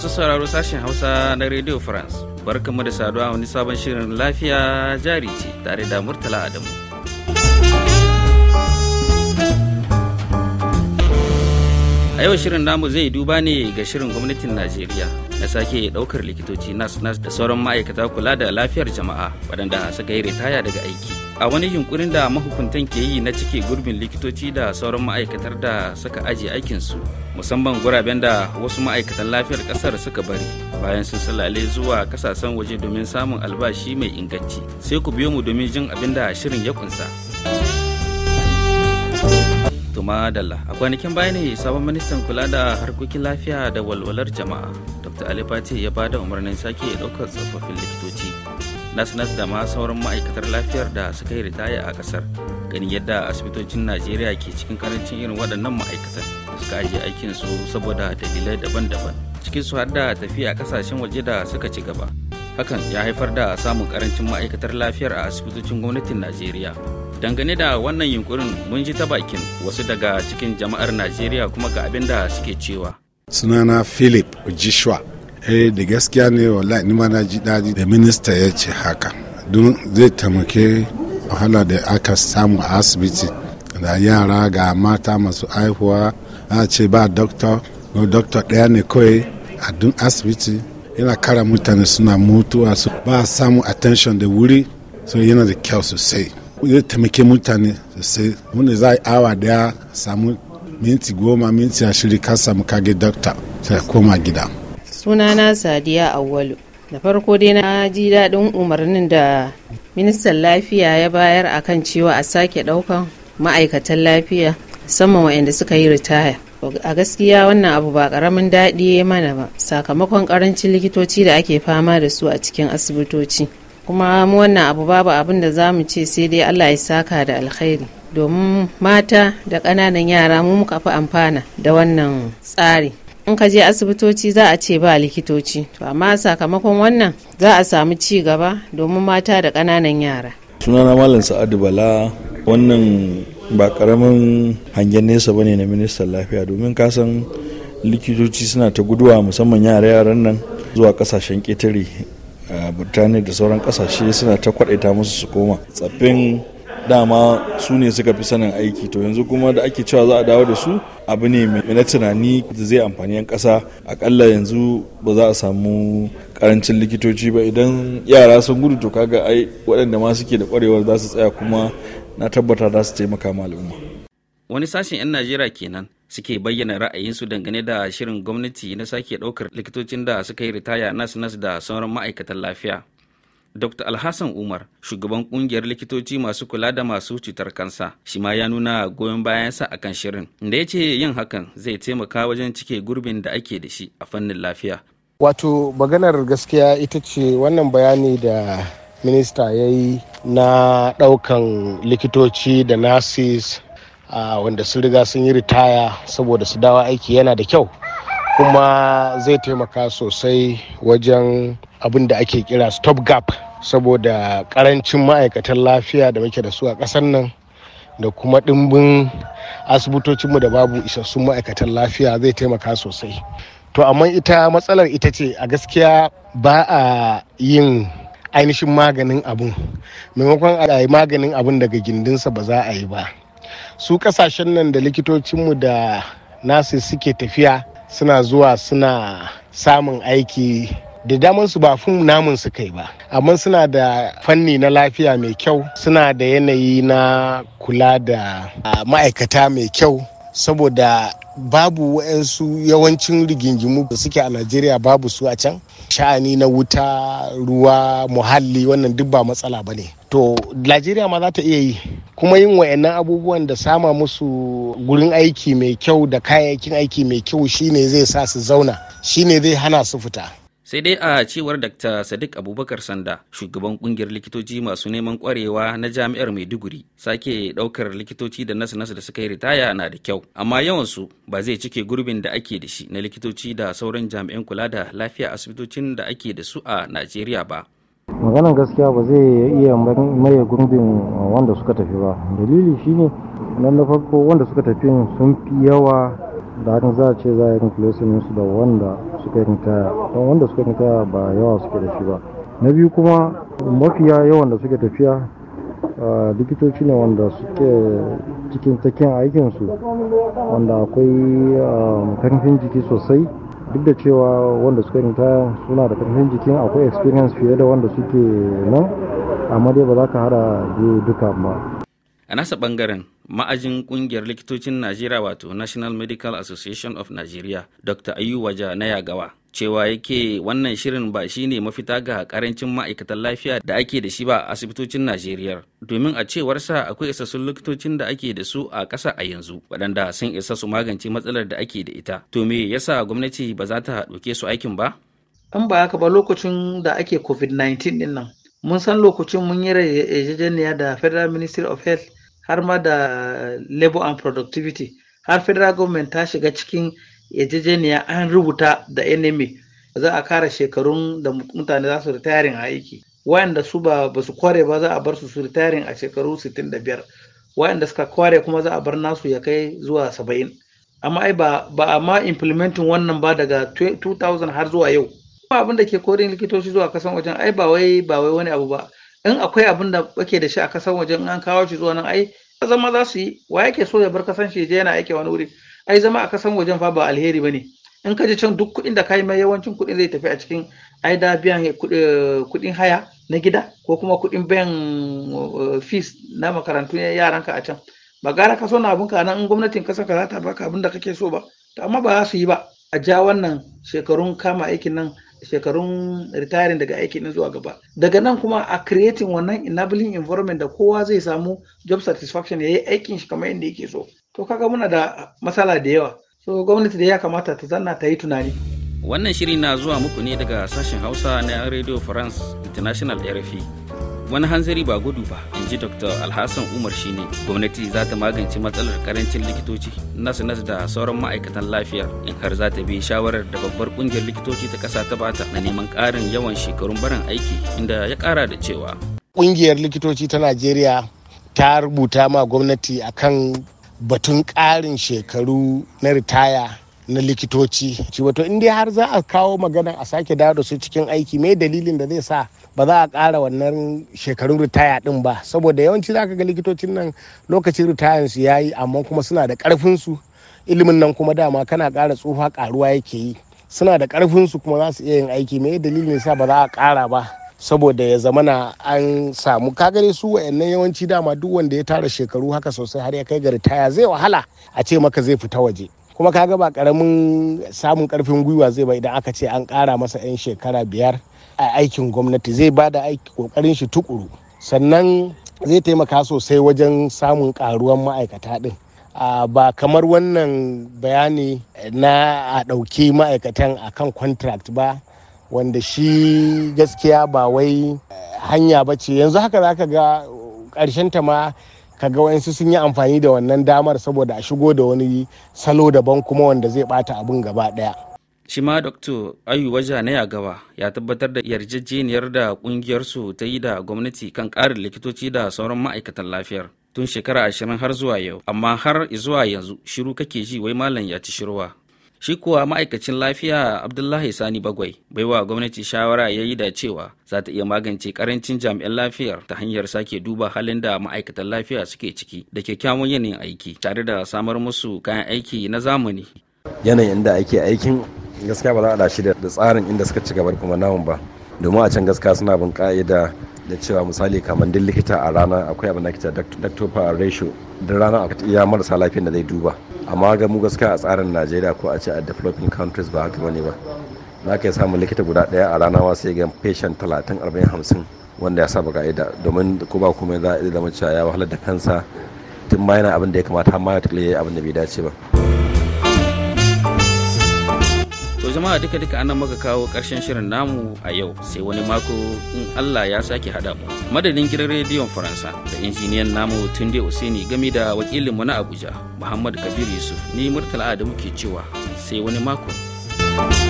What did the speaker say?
masu sauraro sashen Hausa na Radio France. mu da saduwa wani sabon shirin lafiya jari ce tare da Murtala Adamu. A yau shirin namu zai duba ne ga shirin gwamnatin Najeriya na sake daukar likitoci nas nas da sauran ma'aikata kula da lafiyar jama'a waɗanda suka yi ritaya daga aiki. a wani yunkurin da mahukuntan ke yi na cike gurbin likitoci da sauran ma'aikatar da suka ajiye aikinsu musamman guraben da wasu ma'aikatan lafiyar kasar suka bari bayan sun salale zuwa kasashen waje domin samun albashi mai inganci sai ku biyo mu domin jin abin da shirin ya kunsa tumadala a kwanakin baya ne sabon ministan kula da harkokin lafiya da walwalar jama'a dr ali fati ya bada umarnin sake ɗaukar tsofaffin likitoci nas-nas da ma sauran ma'aikatar lafiyar da suka yi ritaya a kasar ganin yadda asibitocin najeriya ke cikin karancin irin waɗannan ma'aikatan suka ajiye su saboda dalilai daban-daban cikinsu har da tafiya kasashen waje da suka ci gaba hakan ya haifar da samun karancin ma'aikatar lafiyar a asibitocin gwamnatin najeriya dangane da wannan yunkurin mun ji ta bakin wasu daga cikin jama'ar najeriya kuma ga abin da suke cewa sunana philip ojishwa eh da gaskiya ne wallahi ni ma na ji dadi da minista ya ce haka don zai taimake wahala da aka samu a asibiti da yara ga mata masu haihuwa. a ce ba doktor ko ɗaya ne kawai a dun asibiti yana kara mutane suna mutuwa su ba samu attention da wuri so yana da kyau sosai zai taimake mutane sosai wanda za a yi awa daya samu minti goma minti ashirin ka samu kage dokta sai koma gida sunana sadiya awwalu da farko dai na ji daɗin umarnin da ministan lafiya ya bayar a kan cewa a sake ɗaukan ma'aikatan lafiya musamman waɗanda suka yi ritaya a gaskiya wannan abu ba karamin daɗi ya mana ba sakamakon karancin likitoci da ake fama da su a cikin asibitoci kuma mu wannan abu babu abin da za mu ce sai dai allah ya saka da alkhairi domin mata da ƙananan yara mu muka fi amfana da wannan tsari in ka je asibitoci za a ce ba likitoci to amma sakamakon wannan za a samu ci gaba domin mata da ƙananan yara sunana malam sa'adu bala wannan ba karamin hangen nesa bane na ministan lafiya domin kasan likitoci suna ta guduwa musamman yare yaran nan zuwa kasashen ketare a birtaniya da sauran kasashe suna ta kwadaita musu su koma tsaffin dama su ne suka fi sanin aiki to yanzu kuma da ake cewa za a dawo da su abu ne mai na tunani da zai amfani yan kasa akalla yanzu ba za a samu karancin likitoci ba idan yara sun gudu to kaga ai waɗanda ma suke da ƙwarewar za su tsaya kuma na tabbata za su taimaka ma al'umma wani sashen 'yan najeriya kenan suke bayyana ra'ayinsu dangane da shirin gwamnati na sake ɗaukar likitocin da suka yi ritaya nas nas da sauran ma'aikatan lafiya dr alhassan umar shugaban kungiyar likitoci masu kula da masu cutar kansa shi ma ya nuna goyon bayansa akan shirin da ya ce yin hakan zai taimaka wajen cike gurbin da ake da shi a fannin lafiya wato maganar gaskiya ita ce wannan bayani da minista ya yi na ɗaukan likitoci da nurses wanda sun riga sun yi ritaya saboda su dawo aiki yana da kyau kuma zai taimaka sosai wajen abin da ake kira stop gap saboda karancin ma'aikatan lafiya da muke da su a ƙasar nan da kuma ɗimbin asibitocinmu da babu isassun ma'aikatan lafiya zai taimaka sosai to amma ita matsalar ita ce a gaskiya ba a yin ainihin maganin abun maimakon a yi maganin abun daga gindinsa ba za a yi ba su kasashen nan da likitocinmu da nasu suke tafiya suna zuwa suna samun aiki da daman su ba fun namun su kai ba amma suna da fanni na lafiya mai kyau suna da yanayi na kula da ah, ma'aikata mai kyau saboda babu wayansu yawancin rigingimu da suke a najeriya babu su a can sha'ani na wuta ruwa muhalli wannan duk ba matsala ba ne to najeriya ma za ta iya yi kuma yin wayannan abubuwan da sama musu gurin aiki mai kyau da kayayyakin aiki mai kyau shine zai sa su zauna shine zai hana su fita sai dai a cewar dr sadiq abubakar sanda shugaban kungiyar likitoci masu neman kwarewa na jami'ar maiduguri sake daukar likitoci da nasu nasu da suka yi ritaya na da kyau amma yawansu ba zai cike gurbin da ake da shi na likitoci da sauran jami'an kula da lafiya asibitocin da ake da su a najeriya ba maganan gaskiya ba zai iya maye gurbin wanda suka tafi ba dalili shine nan na farko wanda suka tafi sun fi yawa da hakan za a ce za a yi da wanda suka yi ritaya wanda suka ritaya ba yawa suke da shi ba na biyu kuma mafiya yawan da suke tafiya likitoci ne wanda suke cikin takin aikinsu wanda akwai karfin jiki sosai duk da cewa wanda suka ritaya suna da karfin jikin akwai experience fiye da wanda suke nan amma dai ba za ka hada duka ba a nasa bangaren ma'ajin kungiyar likitocin najeriya wato national medical association of nigeria dr waja na yagawa cewa yake wannan shirin ba shi ne mafita ga karancin ma'aikatan lafiya da ake da shi ba a asibitocin najeriya domin a cewar sa akwai isassun likitocin da ake da su a ƙasa a yanzu waɗanda sun isa su magance matsalar da ake da ita to me yasa gwamnati ba za ta ɗauke su aikin ba in ba haka ba lokacin da ake covid-19 din nan mun san lokacin mun yi yarjejeniya da federal ministry of health har ma da labor and productivity har federal government ta shiga cikin yajejeniya an rubuta da nma za a kara shekarun da mutane za su retiring a aiki wayanda su ba su kware ba za a bar su su retiring a shekaru 65 wayanda suka kware kuma za a bar nasu ya kai zuwa 70 amma ai ba a ma implementin wannan ba daga 2000 har zuwa yau ba abin da ke korin likitoci zuwa kasan wajen ai ba wai ba wai wani abu ba in akwai abin da ake da shi a kasan waje in an kawo shi zuwa nan ai zama za su yi wa yake so ya bar kasan shi je yana aiki wani wuri ai zama a kasan wajen fa ba alheri bane in ka ji can duk kuɗin da kai mai yawancin kuɗin zai tafi a cikin ai da biyan kuɗin haya na gida ko kuma kuɗin bayan eh, fees na makarantu yaranka a can ba gara ka so na ka nan in gwamnatin ka za ta baka abin da kake so ba to amma ba za su yi ba a ja wannan shekarun kama aikin nan shekarun retiring daga aiki na zuwa gaba daga nan kuma a creating wannan enabling environment da kowa zai samu job satisfaction ya yi aikin shi kamar yadda yake so to kaga muna da matsala da yawa so gwamnati da ya kamata ta zanna ta yi tunani wannan shiri na zuwa muku ne daga sashen hausa na radio france international rfi wani hanzari ba gudu ba in ji dr alhassan umar shine gwamnati za ta magance matsalar karancin likitoci nas nas da sauran ma'aikatan lafiya in har za ta bi shawarar da babbar kungiyar likitoci ta kasa ta bata na neman karin yawan shekarun barin aiki inda ya kara da cewa kungiyar likitoci ta najeriya ta rubuta ma gwamnati akan batun karin shekaru na ritaya na likitoci ci wato in dai har za a kawo magana a sake dawo da su cikin aiki mai dalilin da zai sa ba za a ƙara wannan shekarun ritaya din ba saboda yawanci za ka ga likitocin nan lokacin ritayan su yayi amma kuma suna da ƙarfin su ilimin nan kuma dama kana ƙara tsufa ƙaruwa yake yi suna da ƙarfin su kuma za su iya yin aiki mai dalilin sa ba za a ƙara ba saboda ya zamana an samu kagare su wa'annan yawanci dama duk wanda ya tara shekaru haka sosai har ya kai ga ritaya zai wahala a ce maka zai fita waje kuma kaga ba karamin samun karfin gwiwa zai ba idan aka ce an kara masa 'yan shekara biyar a aikin gwamnati zai ba da aiki kokarin shi tukuru sannan zai taimaka sosai wajen samun karuwan ma'aikata din ba kamar wannan bayani na a ɗauki ma'aikatan a kan contract ba wanda shi gaskiya ba wai hanya ba ce yanzu haka za ka ga ƙarshen ta ma kaga wayansu sun yi amfani da wannan damar saboda a shigo da wani salo daban kuma wanda zai bata abin gaba daya shi ma dr ayu waja na yagawa ya tabbatar da yarjejeniyar da kungiyarsu ta yi da gwamnati kan karin likitoci da sauran ma'aikatan lafiyar tun shekara ashirin har zuwa yau amma har zuwa yanzu shiru kake ji wai malam ya ci shirwa Shi kuwa ma'aikacin lafiya Abdullahi Sani Bagwai baiwa gwamnati shawara ya yi da cewa za ta iya magance karancin jami'an lafiyar ta hanyar sake duba halin da ma'aikatan lafiya suke ciki da kyakkyawan yanayin aiki tare da samar musu kayan aiki na zamani. Yanayin da ake aikin gaskiya ba za a dashi da tsarin inda suka ci gaba kuma namun ba. Domin a can gaskiya suna bin ka'ida da cewa misali kamar duk likita a rana akwai abin da kita doctor ratio duk rana a iya marasa lafiyar da zai duba amma ga mu gaskiya a tsarin najeriya ko a ce a developing countries ba haka bane ba na kai samun likita guda daya a rana ma sai ga patient talatin arba'in hamsin wanda ya saba ka'ida domin ko ba kuma za a zama cewa ya wahalar da kansa tun ma yana abin da ya kamata har ma ya yi abin da bai dace ba jama'a duka duka anan maka kawo karshen shirin namu a yau sai wani mako in Allah ya sake haɗa mu. Madadin gidan rediyon Faransa da injiniyan namu Tunde usaini gami da wakilin na Abuja Muhammad Kabir Yusuf ni Murtala da muke cewa sai wani mako. thank you